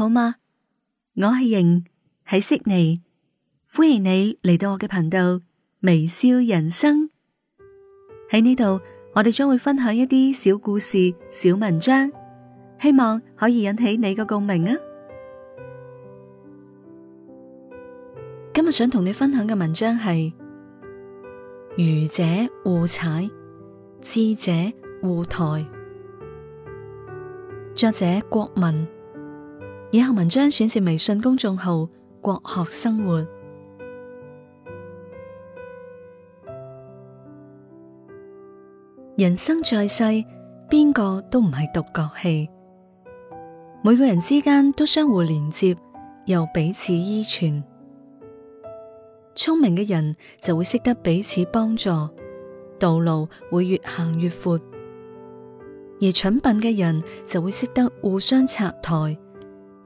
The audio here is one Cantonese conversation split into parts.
好嗎？我係瑩，喺悉尼，歡迎你嚟到我嘅頻道微笑人生。喺呢度，我哋將會分享一啲小故事、小文章，希望可以引起你嘅共鳴啊！今日想同你分享嘅文章係：愚者互踩，智者互抬。作者：國文。以下文章選自微信公眾號《國學生活》。人生在世，邊個都唔係獨角戲，每個人之間都相互連接，又彼此依存。聰明嘅人就會識得彼此幫助，道路會越行越闊；而蠢笨嘅人就會識得互相拆台。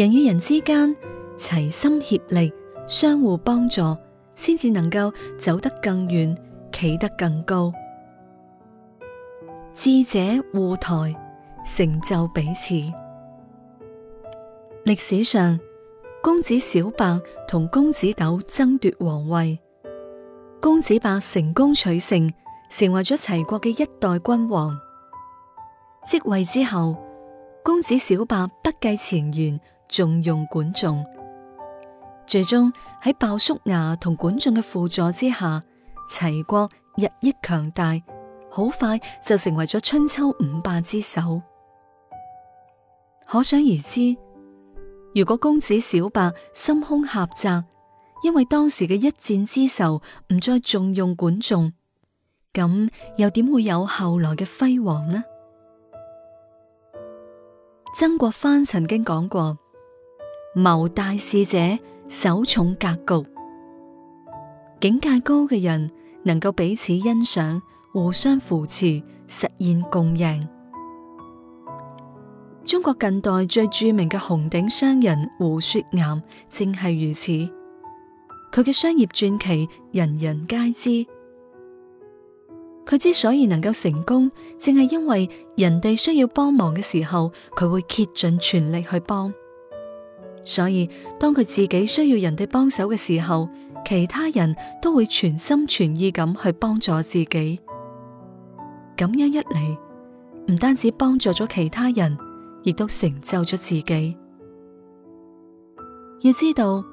人與人之間齊心協力、相互幫助，先至能夠走得更遠、企得更高。智者互抬，成就彼此。歷史上，公子小白同公子糾爭奪皇位，公子白成功取勝，成為咗齊國嘅一代君王。即位之後，公子小白不計前嫌。重用管仲，最終喺鮑叔牙同管仲嘅輔助之下，齊國日益強大，好快就成為咗春秋五霸之首。可想而知，如果公子小白心胸狹窄，因為當時嘅一箭之仇唔再重用管仲，咁又點會有後來嘅輝煌呢？曾國藩曾經講過。謀大事者，首重格局。境界高嘅人能夠彼此欣賞，互相扶持，實現共贏。中國近代最著名嘅紅頂商人胡雪岩正係如此。佢嘅商業傳奇人人皆知。佢之所以能夠成功，正係因為人哋需要幫忙嘅時候，佢會竭盡全力去幫。所以，當佢自己需要人哋幫手嘅時候，其他人都會全心全意咁去幫助自己。咁樣一嚟，唔單止幫助咗其他人，亦都成就咗自己。要知道，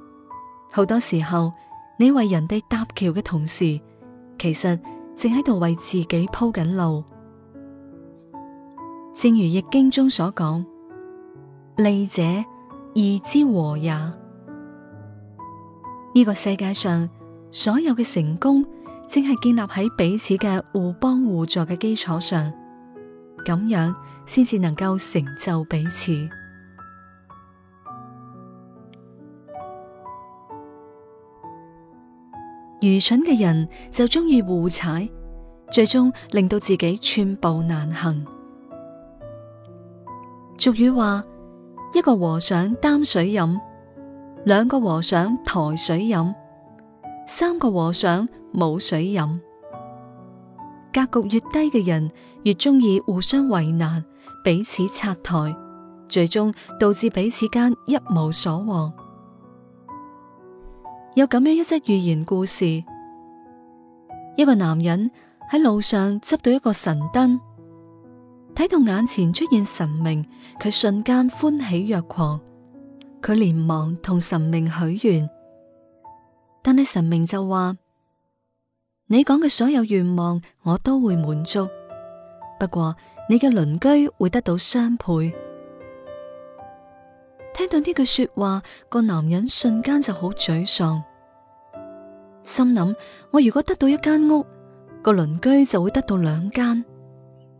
好多時候你為人哋搭橋嘅同時，其實正喺度為自己鋪緊路。正如易經中所講：利者。義之和也。呢個世界上所有嘅成功，正係建立喺彼此嘅互幫互助嘅基礎上，咁樣先至能夠成就彼此。愚蠢嘅人就中意互踩，最終令到自己寸步難行。俗語話。一個和尚擔水飲，兩個和尚抬水飲，三個和尚冇水飲。格局越低嘅人，越鍾意互相為難，彼此拆台，最終導致彼此間一無所獲。有咁樣一則寓言故事：一個男人喺路上執到一個神燈。睇到眼前出現神明，佢瞬間歡喜若狂。佢連忙同神明許願，但係神明就話：你講嘅所有願望我都會滿足，不過你嘅鄰居會得到雙倍。聽到呢句說話，個男人瞬間就好沮喪，心諗：我如果得到一間屋，個鄰居就會得到兩間。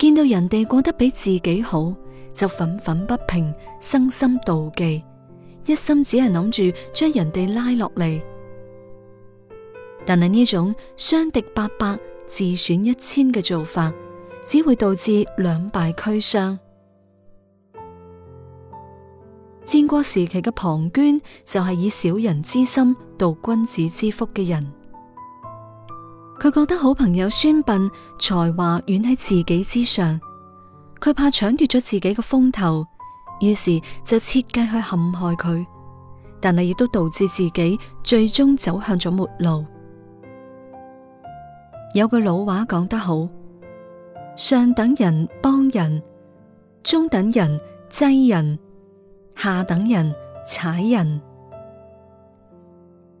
見到人哋過得比自己好，就忿忿不平、生心妒忌，一心只係諗住將人哋拉落嚟。但係呢種傷敵八百、自損一千嘅做法，只會導致兩敗俱傷。戰國時期嘅龐涓就係、是、以小人之心度君子之腹嘅人。佢覺得好朋友孫臏才華遠喺自己之上，佢怕搶奪咗自己嘅風頭，於是就設計去陷害佢。但係亦都導致自己最終走向咗末路。有句老話講得好：上等人幫人，中等人擠人，下等人踩人。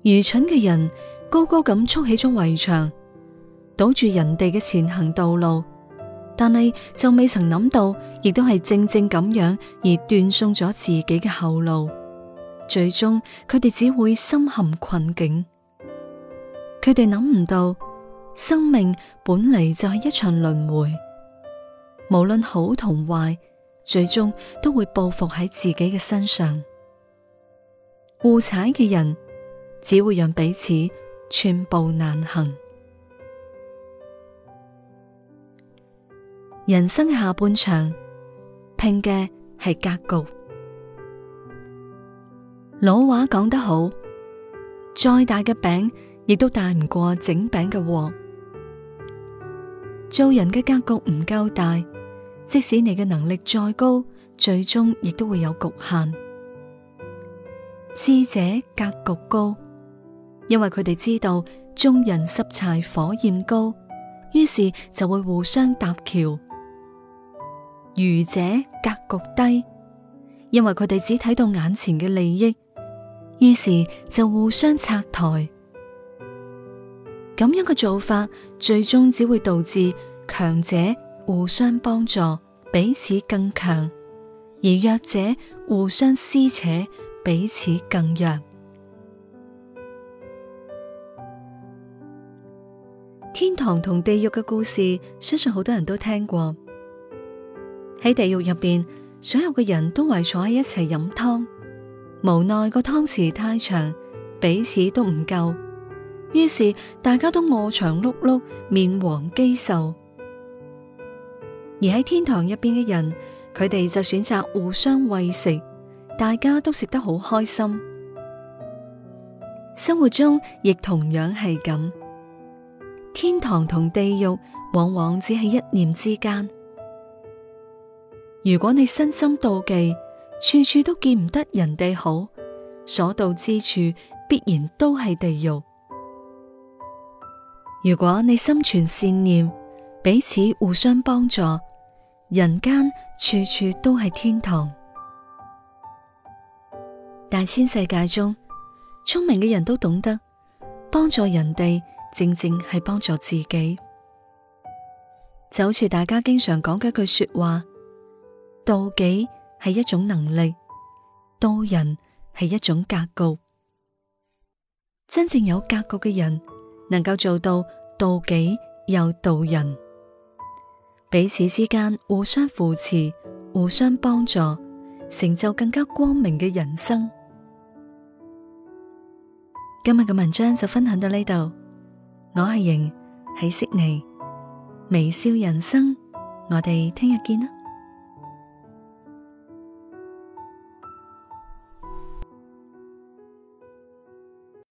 愚蠢嘅人高高咁築起咗圍牆。堵住人哋嘅前行道路，但係就未曾諗到，亦都係正正咁樣而斷送咗自己嘅後路。最終，佢哋只會深陷困境。佢哋諗唔到，生命本嚟就係一場輪回，無論好同壞，最終都會報復喺自己嘅身上。互踩嘅人，只會讓彼此寸步難行。人生下半場拼嘅係格局。老話講得好，再大嘅餅亦都大唔過整餅嘅鑊。做人嘅格局唔夠大，即使你嘅能力再高，最終亦都會有局限。智者格局高，因為佢哋知道眾人拾柴火焰高，於是就會互相搭橋。愚者格局低，因為佢哋只睇到眼前嘅利益，於是就互相拆台。咁樣嘅做法，最終只會導致強者互相幫助，彼此更強；而弱者互相撕扯，彼此更弱。天堂同地獄嘅故事，相信好多人都聽過。喺地獄入邊，所有嘅人都圍坐喺一齊飲湯，無奈個湯匙太長，彼此都唔夠，於是大家都餓腸轆轆，面黃肌瘦。而喺天堂入邊嘅人，佢哋就選擇互相餵食，大家都食得好開心。生活中亦同樣係咁，天堂同地獄往往只係一念之間。如果你心生妒忌，處處都見唔得人哋好，所到之處必然都係地獄。如果你心存善念，彼此互相幫助，人間處處都係天堂。大千世界中，聰明嘅人都懂得幫助人哋，正正係幫助自己。就好似大家經常講嘅一句說話。渡己係一種能力，渡人係一種格局。真正有格局嘅人，能夠做到渡己又渡人，彼此之間互相扶持、互相幫助，成就更加光明嘅人生。今日嘅文章就分享到呢度，我係瑩，喺悉尼微笑人生，我哋聽日見啦。